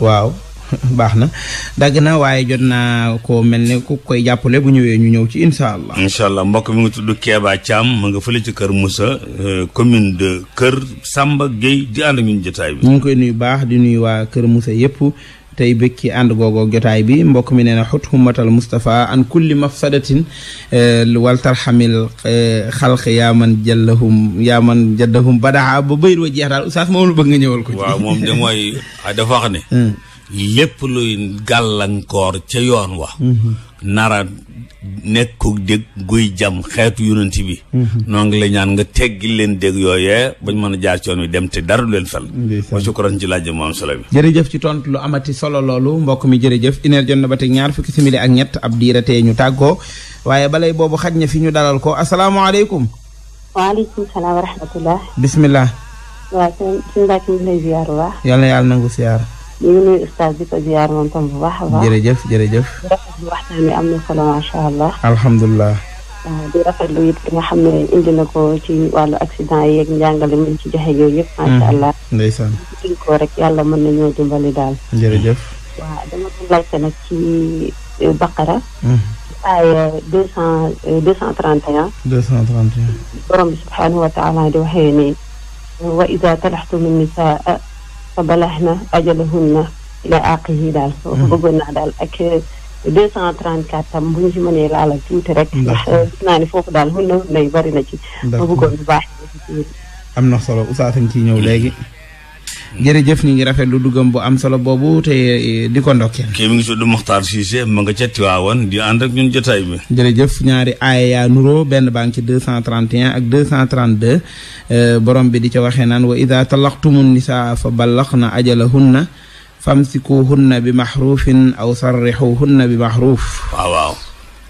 waaw baax na dagg na waaye jot naa ko mel ni ku koy jàppale bu ñëwee ñu ñëw ci incha allah. incha allah mbokk mi nga tudd keebaa Thiam mu nga fële ci kër musa euh, commune de Kër Samba Gueye di ànd ak ñun ngi koy nuyu baax di nuyu waa kër Moussa yëpp. tey mbekki ci ànd googoo jotaay bi mbokk mi nee na xut hummatal Mustafa an kulli mafsadatin eh, wal tarxamil eh, xalq yaa man jallahum yaa man jaddahum badaa ba bayit wa jeex daal oustaz moom lu bëgg nga ñëwal ko waaw moom da mooy ah, dafa wax ne hmm. lépp luy gàllankoor ca yoon wa mhm. nara nekkuk dégg guy jam xeetu yonent bi mhm. noo ngi la ñaan nga teggi leen dégg yooyee bañ mën a jaar ci yoon wi dem te dara du leen fel wa sukkuran ci laaj solo bi jërëjëf ci tontu lu amati solo loolu mbokk mi jërëjëf ineer jot na ba teg ñaar fukki simili ak ñett ab diiratee ñu tàggoo waaye balay boobu xaj na fi ñu dalal ko asalaamaaleykum waaleykum salaam bismillah waaw sëñ yàlla yàlla nangu ziar ñu ngi nuyu ustaas di ko ziar moom tam bu baax a baax. jërëjëf am na solo macha allah. alhamdulilah. di rafetlu it nga xam ne indi na ko ci wàllu accident yeeg njàngale mi ci joxe yooyu yëpp. macha hmm. allah ndeysaan. ñu ko rek yàlla mën nañoo dimbali daal. jërëjëf. waaw dama doon laajte nag ci euh, Baqara. Hmm. aaya deux euh, subhaanahu wa taala di wa idaa talaxtum min nisaa fa balax na ajalahunna ila aqihi daal soo ko bëggoon naa daal ak 234 tam bu ñu ci mënee laal ak tuuti rek ndax gis naa ni foofu daal hunna hunna yu bari na ci ma bëggoon bu baax am na solo Oustaz añ ciy ñëw léegi jërëjëf ñu ngi rafet lu duggam bu am solo boobu te eh, di ko ndokkeel kii mi ngi tudd Mokhtar Cissé ma nga ca Tiwaawan di ànd ak ñun jotaay bi jërëjëf ñaari aaya yaa nuroo benn baa ngi ci 231 ak 232 eh, borom bi di ca waxee naan wa ida ni saa fa na ballaqna ajalahunna famsikuhunna bi maxruufin aw sarrixuhunna bi maxruuf waaw waaw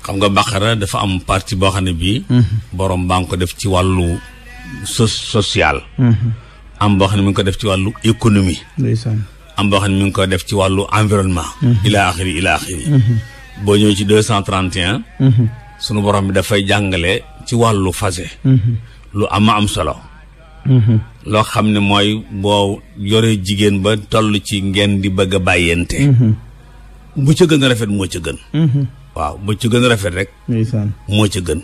xam nga baqara dafa am partie boo xam ne bii mhm. borom baa ngi ko def ci wàllu sos social mhm. am boo xam ne ngi ko def ci wàllu économie. ndeysaan am boo ne mi ngi ko def ci wàllu environnement. Mm-hmm. ila axiri ila axiri. Mm-hmm. boo ñëwee ci deux cent trente et mm-hmm. sunu borom bi dafay jàngale ci wàllu fase lu ama am solo. loo xam ne mooy boo yoree jigéen ba toll ci ngeen di bëgg a bàyyente. bu ca gën a rafet moo ca gën. waaw bu ca gën a rafet rek. ndeysaan moo ca gën.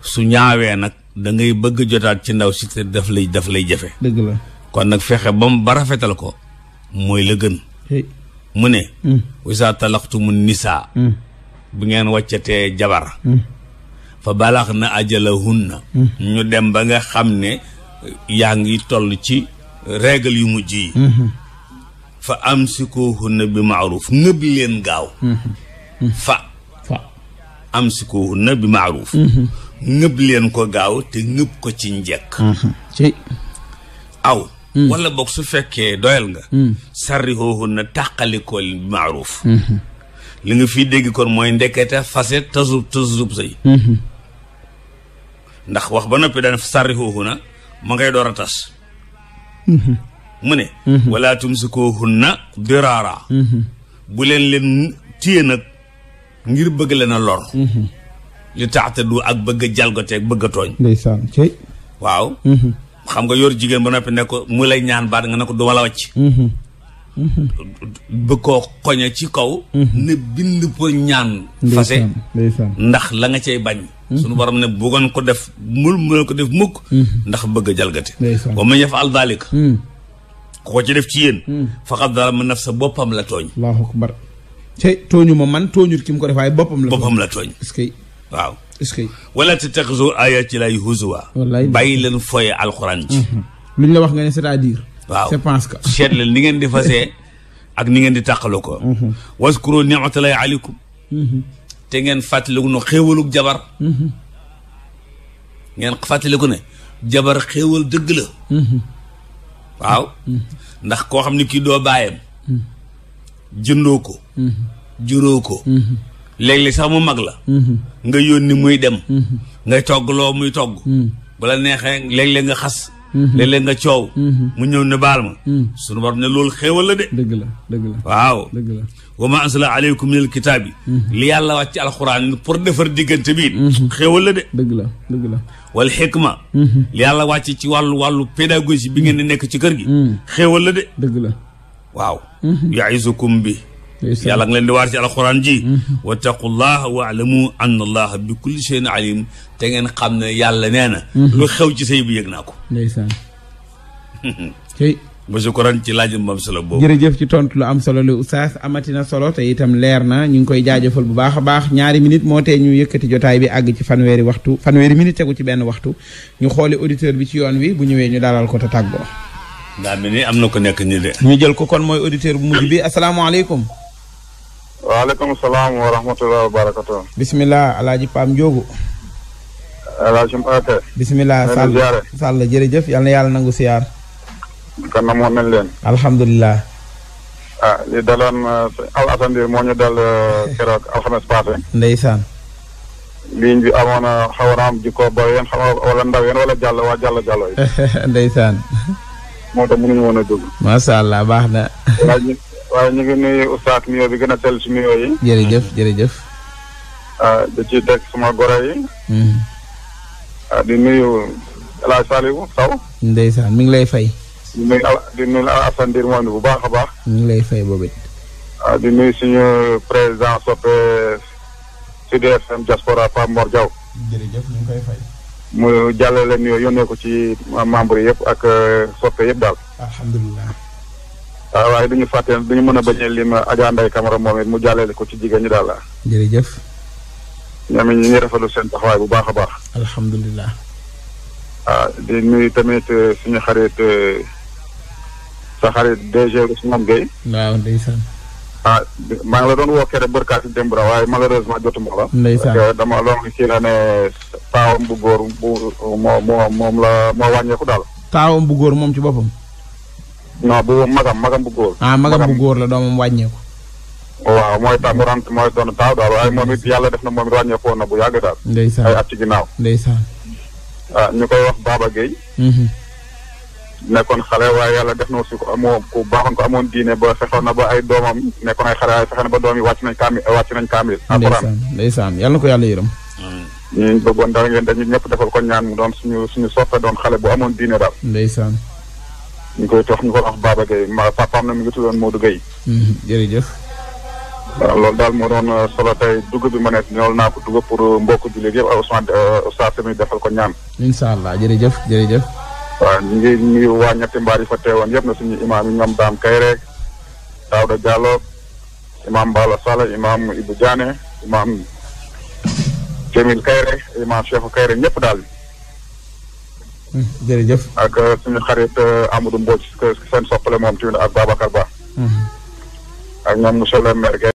su ñaawee nag. da ngay bëgg jotaat ci ndaw si te daf lay daf lay jafe. dëgg kon nag fexe ba mu ba rafetal ko mooy la gën. mu ne. Mm. wisa talaxtumu nisaa. Mm. bu ngeen wàccatee jabar. Mm. fa balax na ajalahunna ñu dem ba nga xam ne yaa ngi toll ci règle yu mujj yi. Mm-hmm. fa amsikuhunna bi maaruf ngëb leen gaaw. Mm-hmm. fa amsikuhunna bi maaruf mhm. ngëb leen ko gaaw te ngëb ko ci njekk mhm. ci aw mhm. wala boog su fekkee doyal nga sarrihoohunna tàqalikoo leen bi maaruf li nga fi dégg kon mooy ndekete fase tasub tasub sëy ndax wax ba noppi daan sarrihoohunna ma ngay door a tas mu ne wala tumsikuhunna diraara bu leen leen téye nag ngir bëgg leen a lor. Mhm. li taxte du ak bëgg a jalgoteeg bëgg a tooñ. waaw. Mhm. xam nga yor jigéen ba noppi ne ko mu lay ñaan baat nga ne ko du ma la wàcc. Mhm. bëgg koo xoñe ci kaw. ne bind pour ñaan. fase ndax la nga cay bañ. suñu borom ne bëggoon ko def mul mu ko def mukk. ndax bëgg a jalgate. wa man yaf'al daalika. ku ko ci def ci yéen. faqad zalama nafsa boppam la tooñ. te tooñu ma man tooñut ki mu ko defaay waaye boppam la. boppam la tooñ est-ce que. waaw est-ce que. wala tattaxizu aayaati laahi huzuwan. wallaay bàyyi leen foyee alxuraan ji. lu ñu la wax nga ne c'est-à-dire. waaw c'est leen ni ngeen di fasee ak ni ngeen di tàqaloo ko. Mhm. waskuru ni'matallahi aleykum. Mhm. te ngeen fàttaliku ne xéewalug jabar. Mhm. ngeen ne jabar xéewal dëgg la. waaw ndax koo xam ne kii doo bàyyam. jëndoo ko mhm. juróo ko mhm. léeg-léeg sax mu mag la mhm. nga yónni muy dem ngay loo muy togg bala neexee léeg-léeg nga xas léeg-léeg nga coow mu ñëw ne baal ma suñu borom ne loolu xéewal la de dëgg la dëgg la waaw dëgg la wa ma ansala aleykum min alkitaab yi li yàlla wàcc ci alxuraan pour defar diggante bi xéewal la de dëgg la dëgg la wal xikma li yàlla wàcc ci wàllu wàllu pédagogie bi ngeen di nekk ci kër gi xéewal la de dëgg la waaw mhm. ya'izukum bi yàlla nga leen di waar ci alxuraan ji mhm. wattaqullaha waalamu anna allaha bi kulli shay'in alim te ngeen xam ne yàlla nee na mhm. lu xew ci sëy bi yëg naa ko ndeysaan monsieur Koran ci laaj bu am solo boobu. jërëjëf ci tontu lu am solo lu oustaz amatina solo te itam leer na ñu ngi koy jaajëfal bu baax a baax ñaari minute moo te ñu yëkkati jotaay bi àgg ci fanweeri waxtu fanweeri mi ni tegu ci benn waxtu ñu xooli auditeur bi ci yoon wi bu ñëwee ñu dalal ko te tàggoo. daa mel ni am na ko nekk nii de. ñu jël ko kon mooy auditeur bu mujj bi asalaamaaleykum. waaleykum salaam wa rahmatulah wa barakatuh. bisimilah El Hadj Pam Ndiogu. El Hadj Mbacke. jërëjëf yal na yàlla nangu siyaar. kan na moo mel leen. alhamdulilah. ah li daloon bi euh, moo ñu dal euh, keroog alxames passé. ndeysaan. ligne bi amoon na euh, xaw na am xam wala ndaw wala jàll waa jàll jàll yi. ndeysaan. moo tax mënuñu woon a dugg. macha allah baax na. waaye ñu ngi nuyu oustaz nuyoo bi gën a sell si nuyoo yi. jërëjëf jërëjëf. Ah, di ci teg suma goro yi. Hmm. Ah, di nuyu El Hadj Saliou Sow. mi ngi lay fay. di nuyu di nuyu moom bu baax a baax. mu ngi lay fay boobu it. Ah, di nuyu suñu président soppe Sud FM diaspora Pape Mor Diaw. jërëjëf mu jàllale leen yooyu yónnee ko ci membre yëpp ak euh, soppe yëpp daal. alhamdulilah. waaw ah, waaye du ñu fàtte bu ñu mën a bañ a lim Adja Ndeye Camara moom it mu jàllale ko ci jigéen ñi daal. jërëjëf. ñoom ñu ngi rafetlu seen taxawaay bu baax a baax. alhamdulilah. ah di nuyu tamit euh, suñu xarit euh, sa xarit DG Ousmane Gueye. waaw ndeysaan. ah maa ngi la doon woo keroog barkaati démb la waaye malheureusement jotuma la. ndeysaan dama loolu si la ne taawam bu góor bu moo moom la moo wàññeeku daal. taawam bu góor moom ci boppam. non bu magam magam bu góor. ah magam bu góor la doomam wàññeeku. waaw mooy taw mu ren mooy doon taaw daal waaye moom it yàlla def na moom it wàññeeku woon na bu yàgg daal. ndeysaan ginnaaw. ndeysaan. Ah, ñu koy wax Baba Gueye. Mm-hmm. nekkoon xale waaye yàlla def na aussi ku amoo ku baaxoon ko amoon diine ba fexoon na ba ay doomam nekkoon ay xale waaye fexe na ba doom yi wàcc nañ kaamil wàcc nañ kaamil alxuraan ndeysaan yàlla na ko yàlla yërëm ñu bëggoon dara ngeen dañu ñëpp defal ko ñaan mu suñu suñu soppe doon xale bu amoon diine daal ndeysaan ñu koy tox ñu ko wax Baba Gueye ma papaam na mi ngi tuddoon Modou Gueye mhm, jërëjëf loolu daal moo doon euh, solo tey dugub bi ma ne ñool naa ko dugub pour euh, mbokk jullit yëpp Ousmane euh, Oustaz tamit defal ko ñaan incha allah jërëjëf jërëjëf waaw ñu waa ñetti mbaar yi fa teewoon yëpp na suñu imaam yi ñoom Dame Kayre Daouda Diallo imaam Bala Sall imaam Ibou Diané imaam Jamil Kayre imaam Cheikh Kayre ñëpp daal. Hmm, ak euh, suñu xarit euh, Amadou Mbodj seen soppale moom tamit ak Babacar Ba. Hmm. ak ñoom monsieur le maire